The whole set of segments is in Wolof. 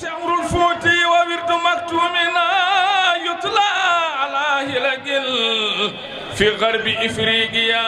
شعر الفوتي وورد مكتومنا يطلع على هلقل في غرب إفريقيا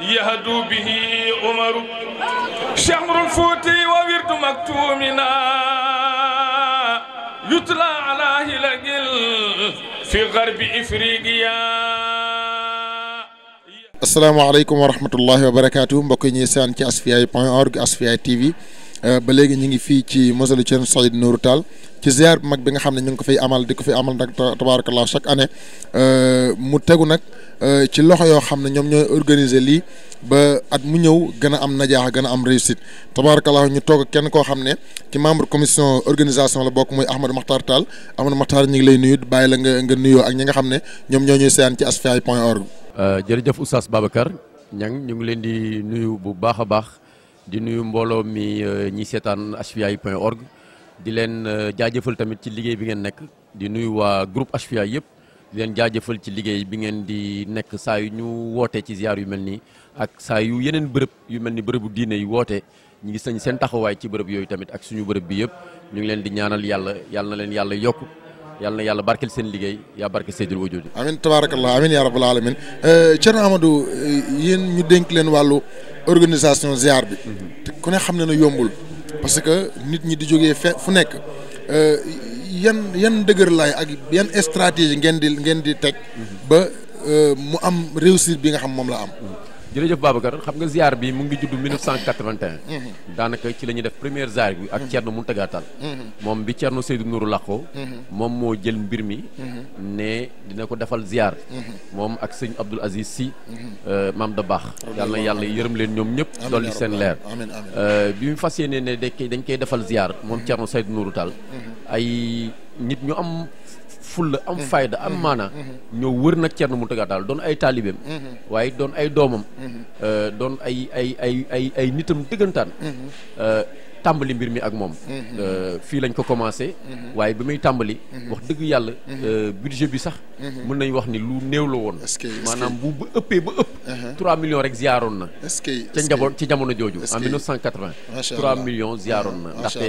يهدو به عمر شعر الفوتي وورد مكتومنا يطلع على هلقل في غرب إفريقيا asalaamaaleykum wa rahmatullahi wa barakaatu mbokk yi ñuy saan ci asfiyahi point org asfiyahi tv euh, ba léegi ñu ngi fii ci mosalu Thierno Saïd Nourou Tall ci ziar bu mag bi nga xam ne ñu ngi ko fiy amal di ko fiy amal nag tabarakallah chaque année euh, mu tegu nag euh, ci loxo yoo xam ne ñoom ñooy organiser lii ba at mu ñëw gën a am najaax a am réussite tabarakallah ñu toog kenn koo xam ne ci membre commission organisation la bokk muy Ahmadou Makhtar Tall Ahmadou Makhtar ñu ngi lay nuyu bàyyi la nga nuyoo ak ñi nga xam ne ñoom ñoo ñuy seen ci asfiyahi point org Euh, jërëjëf Oustaz Babacar Niang ñu ngi leen di nuyu bu baax a baax di nuyu mbooloo mi euh, ñi seetaan hfi point org di leen euh, jaajëfal tamit ci liggéey bi ngeen nekk di nuyu waa groupe hfi yëpp di leen jaajëfal ci liggéey bi ngeen di nekk saa yu ñu wootee ci ziar yu mel nii ak saa yu yeneen bërëb yu mel ni bërëbu diine yi wootee ñu ngi nañ seen taxawaay ci bërëb yooyu tamit ak suñu bërëb bi yëpp ñu ngi leen di ñaanal yàlla yàlla na leen yàlla yokk yàlla na yàlla barkeel seen liggéey yaa barkeel Seydil Wujudi amiin tabaarakallah amiin yaa rabbal alamin euh, Thierno Amadou euh, yéen ñu dénk leen wàllu organisation ziar bi. te ku ne xam ne na yombul. parce que nit ñi di jógee fe fu nekk euh, yan yan dëgër laay ak yenn stratégie ngeen di ngeen di teg. ba mu am réussite bi nga xam moom la am. jërëjëf Babacar xam nga ziar bi mu ngi judd 1981. daanaka ci la ñuy def première ziar bi ak Thierno Mountaga Tall. moom bi Thierno Seydou Nourou làqoo. moom moo jël mbir mi. ne dina ko defal ziar. moom ak sëñ Abdoul Aziz si maam da baax. yàlla na yàlla yërëm leen ñoom ñëpp. dolli seen leer. Euh, bi mu fas yéenee ne dañ koy dañ koy defal ziar moom Thierno du Nourou Tall. ay nit ñu am. fulla am mhm. fayda am mhm. maana mhm. ñoo wër nag Thierno Mountaga Tall doon ay taalibeem waaye doon ay doomam euh, doon ay ay ay ay ay nitam dëggantaan euh, tàmbali mbir mi ak moom euh, fii lañ ko commencé waaye bi muy tàmbali wax dëgg yàlla budget bi sax mën nañ wax ni lu néew la woon maanaam bu ba ëppee ba ëpp uh-huh. trois millions rek ziaroon na ca njaboot ci jamono jooju en 1980 trois millions ziaroon na ndaxte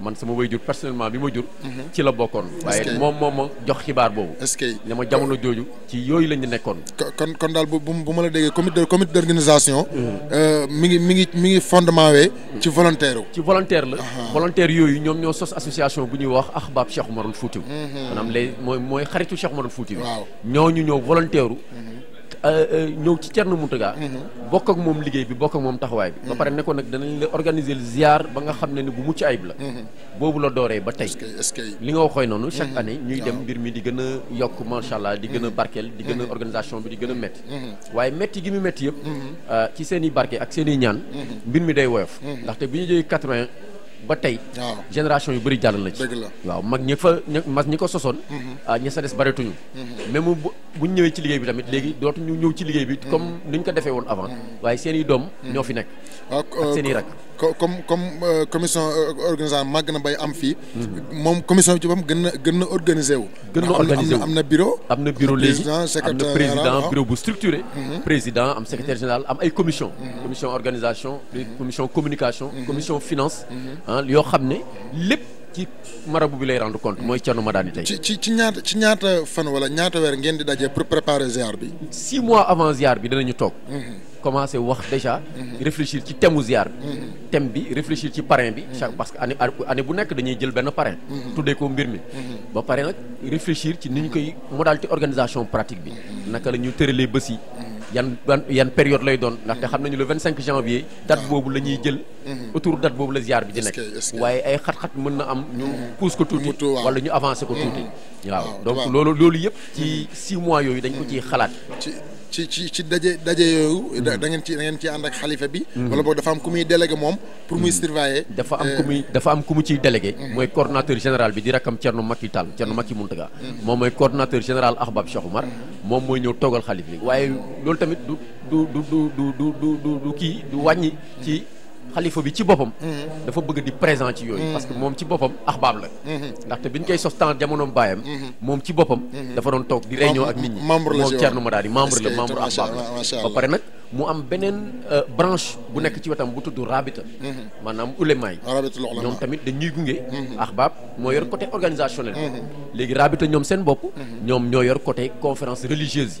man sama wayjur personnellement bi ma jur. Mhm. ci la bokkoon. waaye moom moo ma jox xibaar boobu. est-ce que ne ma jamono jooju ci yooyu la nekkoon. kon kon daal bu bu ma la déggee comité comité d'organisation. Mhm. Euh, mi ngi mi ngi mi ngi fondement wee. Mhm. ci volontaire ci volontaire la. volontaire yooyu ñoom ñoo sos association bu ñuy wax Ahbab Cheikh Omarul Foutiou. maanaam les mooy mooy xaritu Cheikh Omarul Foutiou. waaw ñu ñëw volontaire. Euh, euh, ñëw ci Thierno Mountaga mhm. bokk ak moom liggéey bi bokk ak moom taxawaay bi ba pare ne nag danañ la organiser ziar ba nga xam ne ni bu mucc ayib la mhm. boobu la dooree ba tey li nga waxooy noonu chaque mhm. année ñuy dem mbir mi di gën a yokk macha allah di gën a barkeel di gën a organisation bi di gën a waaye métti gi mu métti yëpp euh, ci seen barke ak seen ñaan mbir mi day woyof ndaxte bi ñu jógee 80 ba tey génération yu bëri jàll na ci waaw mag ñi fa mag ñi ko sosoon mm-hmm. ah, ña sa des bareetuñu même mm-hmm. bu ñu ñëwee ci liggéey bi tamit léegi dootuñu ñëw ci liggéey bi comme mm-hmm. ni ñu ko defee woon avant waaye seeni doom ñoo fi nekk ak seen i euh, rak comme comme euh, commission euh, organisation màgg na bay am fi mom commission ci bam gëna gëna gën organisé wu. gën na organisé wu am bureau. am na bureau léegi am président ah. bureau bu structuré. Mhm. président am secrétaire mhm. général am ay commission. Mhm. commission organisation. commission communication. commission finance. Ah, yoo xam ne lépp. ci marabu bi lay rendre compte mooy Thierno Madani tey. ci ci ci ñaata ci ñaata fan wala ñaata weer ngeen di daje pour préparer ziar bi. six mois avant ziar bi danañu toog. Mm-hmm. commencé wax déjà. Mm-hmm. réfléchir ci thème mu bi. Mm-hmm. thème bi réfléchir ci parrain bi. parce que année année bu nekk dañuy jël benn parrain. tuddee ko mbir mi. ba pare nag réfléchir ci ni ñu koy modalité organisation pratique bi. naka la ñuy tëralee yan yan période lay doon ndaxte xam nañu le 25 janvier date ah. bobu la ñuy jël mhm. autour date bobu la ziar bi di nek waye ay xat-xat mëna am ñu mhm. pousse ko tuuti wala ñu avancer ko tuuti mhm. waaw ah, donc lolu lolu yépp ci 6 mois yoyu dañ ko ci xalat ci ci daje daje yooyu. Mm. da ngeen ci da ngeen ci ànd ak xalifa bi. Mm. wala boog dafa am ku muy délégué moom. pour muy mm. surveiller. dafa am ku euh, am ku mu ciy délégué. mooy coordonnateur général bi di rakkam Thierno Macky Tall Thierno Macky Mountaga. moom mooy coordonnateur général Ahbab Cheikh Oumar. moom mooy ñëw toogal xalifa bi waaye loolu tamit du du du du du du du kii du wàññi ci. Khalifa bi ci bopam mm-hmm. dafa bëgg di présent ci parce que mom mm-hmm. ci bopam akhbab la mm-hmm. ndax biñ koy temps bayam mom ci Je dafa un tok di réunion ak nit ñi membre le membre ba nak mu am euh, branche bu nekk ci bu tuddu rabita manam ñom tamit dañuy gungé akhbab mo yor côté organisationnel légui rabita ñom seen ñom côté conférence religieuse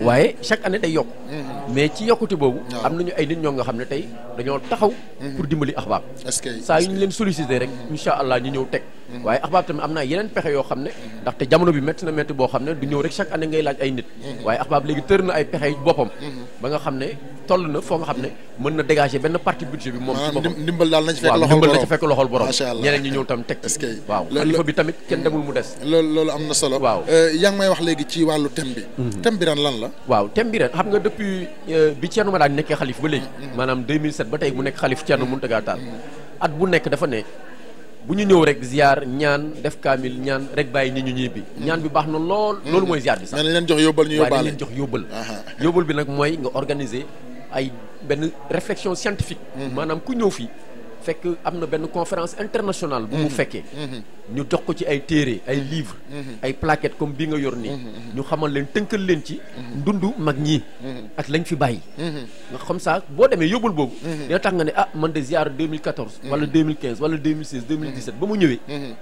waaye chaque année day yokk mm-hmm. mais ci yokkute boobu am nañu ay nit ñoo nga xam ne tey dañoo taxaw mm-hmm. pour dimbali axbaar saa yu ñu leen sollicité rek mm-hmm. incha allah ñu ñëw teg Mm-hmm. waaye axbaab tamit am naa yeneen pexe yoo xam ne mm-hmm. ndaxte jamono bi métti na métti boo xam ne du ñëw rek chaque année ngay laaj ay nit mm-hmm. waaye axbaab léegi tër na ay pexe boppam ba nga xam ne toll na foo nga xam ne mën na dégager benn parti budget bi moom ci ah, boppam ndimbal daal na ci fekk loxol borom ndimbal na ci fekk loxol borom ñeneen ñi ñëw tam teg waaw xalifa bi tamit kenn demul mu des loolu loolu am na solo waaw euh, yaa ngi may wax léegi ci wàllu thème bi thème bi ren lan la waaw thème bi ren xam nga depuis euh, bi Thierno Madani nekkee xalif ba léegi maanaam 2007 ba tey mu nekk xalif Thierno Mountaga Tall at bu nekk dafa ne buñu ñëw rek ziar ñaan def kamil ñaan rek bay nit ñu ñibi ñaan bi baax na lool. loolu mooy ziar bi sax. leen jox yóbbal ñu yobal. waaye jox bi nak moy nga organiser ay ben réflexion scientifique. Manam mhm. ku ñëw fi fekk am na benn conférence internationale. bu mu mhm. fekkee. Mhm. ñu dox ko ci ay téré ay livres. Mhm. ay plaquettes comme bi nga yor nii. ñu xamal leen teunkel leen ci. dundu mag ñi. ak lañ fi bàyyi. nga xam ça bo démé yobul bobu dina tax nga né ah man de ziar 2014. wala 2015 wala 2016 2017 ba mu ñëwé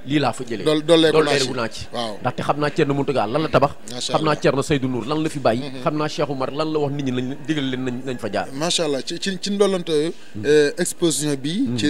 li la fa jëlee. dool dooleeku naa ci ndax té xamna naa Thierno Mountaga lan la tabax. xamna naa Thierno Seydou Nour lan la fi bàyyi. xamna Cheikh omar lan la wax nit ñi nañ digal leen nañ fa jaar. sha allah ci ci ci ndollante mm. euh, exposition bi. Mm. ci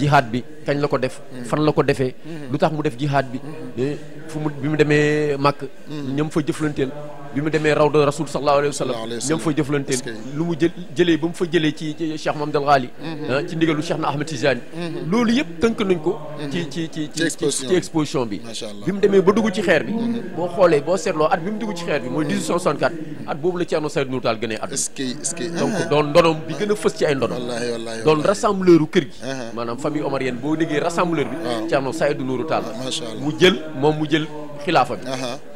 jihaad bi kañ la ko def fan la ko defee lu tax mu def jihaad bi mm-hmm. eh, fu mu bi mu demee màkk ñam mm-hmm. fa jëflanteel bi mu demee rawda rasul sallallahu alayhi wa sallam ñoom fa jëflanteel lu mu jël jëlee ba mu fa jëlee ci Cheikh Mamadou Al Ghali mhm. ah, ci ndigalu Cheikh na Ahmed Tijani mhm. loolu yëpp tënk nañ ko mhm. ci ci ci ci exposition bi bi mu demee ba dugg ci xeer bi boo xoolee boo seetloo at bi mu dugg ci xeer bi mooy 1864 at boobu la Thierno Seydou Nourou Tall gënee at donc ah. doon ndonom bi gën a fës ci ay ndonom doon rassembleur kër gi ah. maanaam famille omarienne boo déggee rassembleur bi Thierno Seydou Nourou Tall mu jël moom xilaafa bi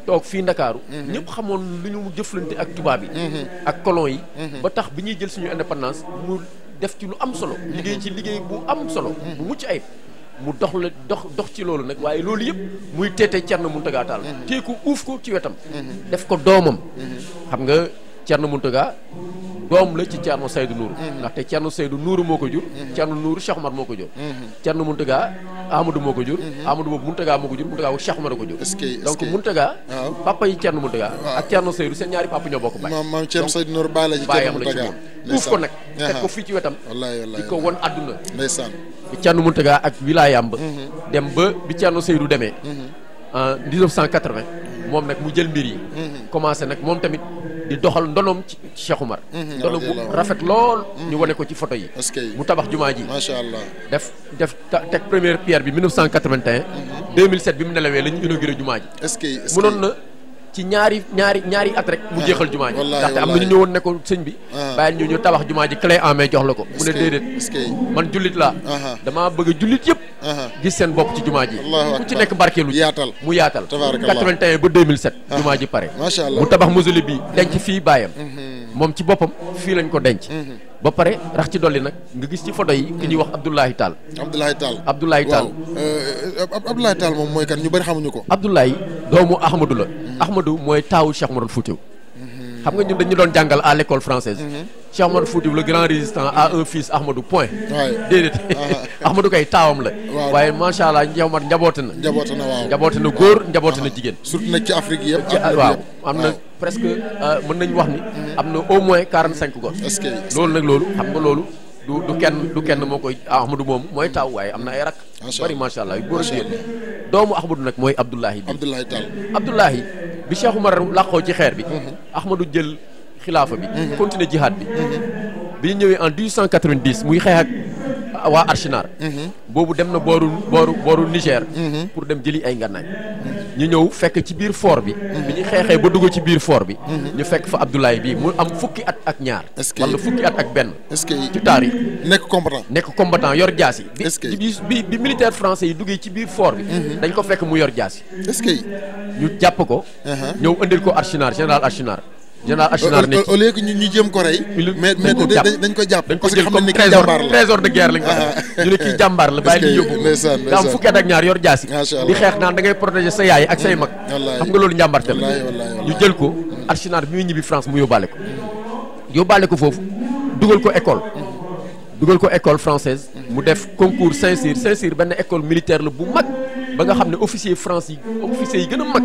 toog fii ndakaaru mhm. ñëpp xamoon lu ñu jëflante ak tubaab yi mhm. ak colon yi mhm. ba tax bi ñuy jël suñu indépendance mu def ci lu am solo liggéey ci liggéey bu am solo bu mucc ayib mu dox la dox dox ci loolu nag waaye loolu yëpp muy teete Thierno Mountaga Tall teeku uuf ko ci wetam def ko doomam xam nga Thierno Mountaga doom la ci Thierno Seydou Nourou ndaxte Thierno Seydou Nourou moo ko jur Thierno Nourou Cheikh moo ko jur Thierno Mountaga Amadou moo ko jur Amadou boobu Mountaga moo ko jur Mountaga bu Cheikh Oumar a ko jur donc Mountaga papa yi Thierno Mountaga ak Thierno Seydou seen ak wilaayam ba mhm. dem ba bi Thierno Seydou demee mhm. moom nag mu jël mbir yi mhm. commencé nag moom tamit di doxal ndonoom ci Cheikh Oumar mhm, ndono bu rafet lool mhm. ñu wane ko ci photo yi mu tabax jumaa ji def def teg première pierre bi mhm. bi mu nelawee la ñu jumaa ji mënoon na ci ñaari ñaari ñaari at rek mu ah. jeexal jumaa ji ndaxte am na ñu ñëwoon ne ko bi ah. bàyyi ñu ñu tabax jumaa ji clé en main jox la ko mu ne déedéet man jullit la damaa bëgg jullit yëpp gis seen bopp ci jumaa ji ku ci nekk barkeelu yaatal ba 2007 ah. jumaa ji pare mu tabax mausolée bi denc fii baayam mhm. moom ci boppam fii lañ ko denc. Mm-hmm. ba pare rax ci dolli nag nga gis ci photo yi. ki ñuy wax Abdoulaye Tall. Abdoulaye Tall Abdoulaye Tall. waaw euh, Abdoulaye Tall moom mooy kan ñu bari xamuñu ko. Abdoulaye doomu Ahmadou la. Mm-hmm. Ahmadou mooy taawu Cheikh Mourad Foutiou. xam nga ñun dañu doon jàngal à l'école française mhm. Cheikh Ahmadou Foutiou le grand résistant a un fils Ahmadou point déedéet Ahmadou kay taawam la waaye macha allah Cheikh Ahmadou njaboote na njaboote na waaw njaboote na góor njaboote na jigéen surtout nag ci Afrique yëpp waaw am na presque euh, mën nañ wax ni mhm. am na au moins quarante cinq gor loolu nag loolu xam nga loolu du du kenn du kenn moo koy Ahmadou moom mooy taaw waaye am na ay rak bari macha allah yu góor ak jigéen doomu Ahmadu nag mooy Abdullahi bi Abdullahi Tall Abdullahi bi Cheikh Umar làqoo ci xeer bi mhm. Ahmadu jël xilaafa bi mhm. continuer jihaad bi mhm. bi ñu ñëwee en 1890 muy xeex waa Archinar mhm. boobu dem na booru booru booru Niger mhm. pour dem jëli ay ngànnaay ñu ñëw fekk ci biir foor bi mhm. bi ñu xeexee ba dugg ci biir foor bi ñu fekk fa Abdoulaye bi mu am fukki at ak ñaar wala fukki at ak benn ci taarix nekk combattant nekk combattant yor jaas yi bi bi bi militaire français yi duggee ci biir fort bi dañ ko fekk mu yor jaas yi ñu jàpp ko uh-huh. ñëw indil ko Archinar général Archinar général Achinar nekk au lieu que ñu jëm ko rey. mais mais dañ ko jàpp dañ ko jël comme trésor trésor de guerre lañ ko def ñu ne kii jàmbaar la bàyyi ñu yóbbu nga am fukki at ak ñaar yor jaasi di xeex naan da ngay protéger sa yaay ak say mag xam nga loolu njàmbarte la ñu jël ko Achinar bi muy ñibbi France mu yóbbaale ko yóbbaale ko foofu dugal ko école dugal ko école française mu def concours Saint-Cyr Saint-Cyr benn école militaire la bu mag ba nga xam ne officier France yi officier yi gën a mag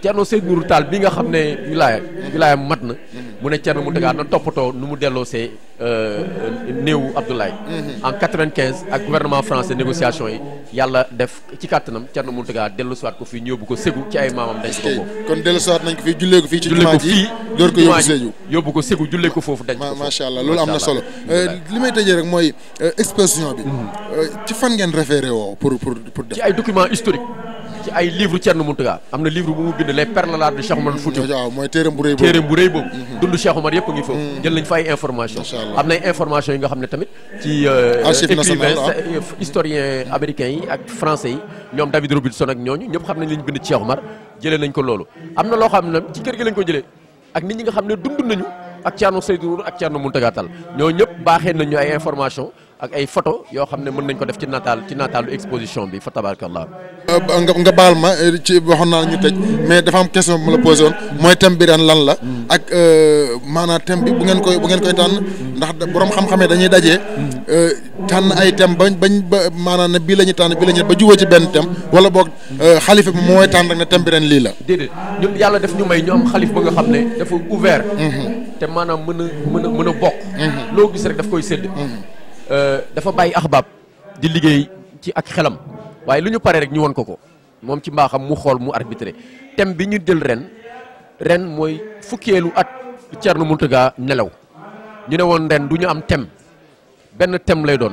Thierno Seydou Nourou taal bi nga xam ne wilaaya wilaaya mat na mu ne Thierno Mountaga na toppatoo nu mu delloo see euh, euh, néewu Abdoulaye mm-hmm. en 95 ak gouvernement français négociation yi yàlla def ci kàttanam Thierno Mountaga dellu siwaat ko fii ñu yóbbu ko Ségou ci ay maamam dañ ko foofu kon dellu siwaat nañ ko fii jullee ko fii ci door ko yóbbu Sédhiou yóbbu ko Ségou jullee ko foofu dañ ko macha allah loolu am na solo euh, li may tëjee rek mooy exposition bi mm-hmm. ci fan ngeen référé woo pour pour pour def ay documents historiques ci ay livre Thierno Mountaga am na livre bu mu bind les perles de Cheikh Omar mooy téereem bu rëy boobu mm-hmm. dund Cheikh Omar a ngi foofu mm-hmm. jël nañ fa ay information am na information yi nga xam ne tamit ci euh, écrivain ah. euh, historien américain yi ak français yi ñoom David Robinson ak ñooñu ñëpp xam nañ lañ bind Cheikh Omar jëlee nañ ko loolu am na loo xam ne ci kër gi lañ ko jëlee ak nit ñi nga xam ne dund nañu ak Thierno Seydou ak Thierno Mountaga Tall ñoo ñëpp baaxee nañ ñu ay ak ay photo yoo xam ne mën nañ ko def ci nataal ci nataalu exposition bi fa tabarakallah nga nga baal ma eh, ci waxoon naa ñu tëj dafa am question bu ma la mooy thème bi ren lan la ak euh, maanaam thème bi bu ngeen koy bu ngeen koy tànn ndax borom xam-xamee dañuy dajee hmm. euh, tànn ay thème bañ bañ ba maanaam ne bii la ñuy tànn bii la ba jubóo ci benn wala boog euh, xalifa bi mooy tànn rek ne thème lii la déedéet yàlla def ñu may ñu am xalif xam ne dafa ouvert hmm. te maanaam mën a mën a mën a bokk hmm. loo gis rek daf koy sédd Euh, dafa bàyyi axbaab di liggéey ci ak xelam waaye lu ñu paree rek ñu won ko ko moom ci mbaaxam mu xool mu arbitré thème bi ñu jël ren ren mooy fukkeelu at Thierno Mountaga nelaw ñu ne woon ren du ñu am thème benn thème lay doon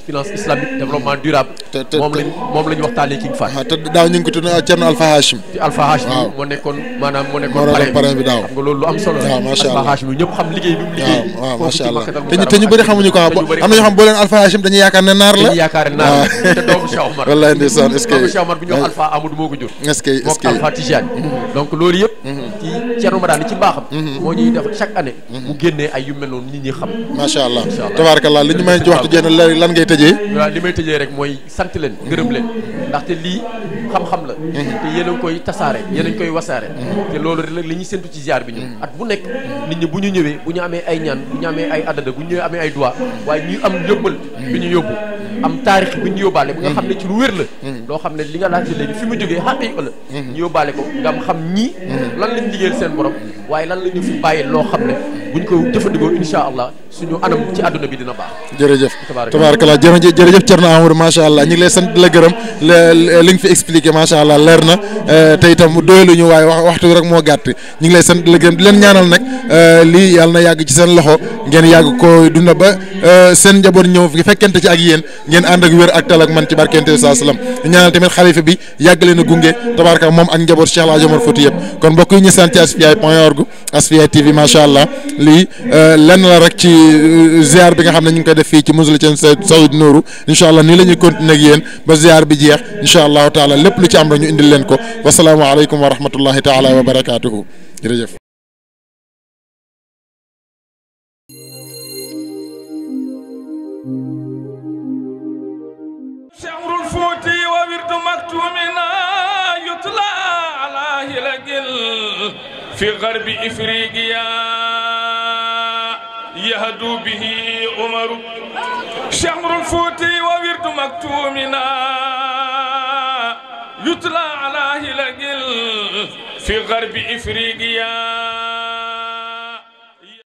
finance islamique développement durable. te moom lañ ah, daaw ñu ngi ko moo nekkoon maanaam moo bi daaw xam allah Alpha ñëpp xam liggéey te ñu te ñu ko ah am xam boo leen Alpha Hachim dañuy ne naar la. dañuy yaakaar naar la te doomu Cheikh Omar. wallaay ndeysaan est ce que doomu Cheikh Omar bu ñu wax Alpha Amadou moo ko que est ce que mm-hmm. donc Thierno Madani ci mbaaxam. Mm-hmm. Mm-hmm. moo ñuy def chaque année. bu mm-hmm. génnee ay yu mel noonu nit ñi xam. macha allah tabaarakallah li ñu may waxtu jéem lan ngay tëjee. waaw li may tëjee rek mooy sant leen gërëm leen te lii xam-xam la. te yéen koy tasaare yéen a ngi koy wasaare. te loolu rek li ñuy séntu ci ziar bi ñun. at bu nekk nit ñi bu ñu ñëwee bu ñu amee ay ñaan bu ñu amee ay adada bu ñu amee ay doigt waaye ñuy am yóbbal bi ñu yóbbu am taarix bi ñu yóbbaale ba nga xam ne ci lu la loo xam ne li nga laajte léegi fi mu jógee xàqi ah, la ñu yóbbaale ko nga xam ñii seen borom waaye lan la ñu fi bàyyi loo xam ne bu buñ ko jëfandikoo incha allah suñu anam ci àdduna bi dina baax. jërëjëf tabaarakala jërëjëf jërëjëf Thierno Amadou macha allah ñu ngi lay sant di la gërëm li nga fi expliqué macha allah leer na euh, te itam doyaluñu waaye wax waxtu rek moo gàtt ñu ngi lay sant di la gërëm leen ñaanal nag euh, li yàlla na yàgg ci seen loxo ngeen yàgg ko dunda ba euh, seen njaboot ñëw fi fekkente ci ak yéen ngeen ànd ak wér ak tal man ci barkente saa salaam ñaanal tamit xalifa bi yàgg leen a gunge tabaaraka moom ak njaboot Cheikh El Hadj yëpp kon mbokk yi sant ci asfiyahi point lii lenn la rek ci ziar bi nga xam ne ñu ngi koy def fii ci mosala ceen Saoud Nourou incha allah nii la ñuy continuer ak yéen ba ziar bi jeex incha allahu taala lépp lu ci am rek ñu indil leen ko wasalaamaaleykum wa rahmatullahi taala wa barakaatuhu jërëjëf في غرب إفريقيا يهدو به عمر شمر الفوتي وورد مكتومنا يتلى على هلق في غرب إفريقيا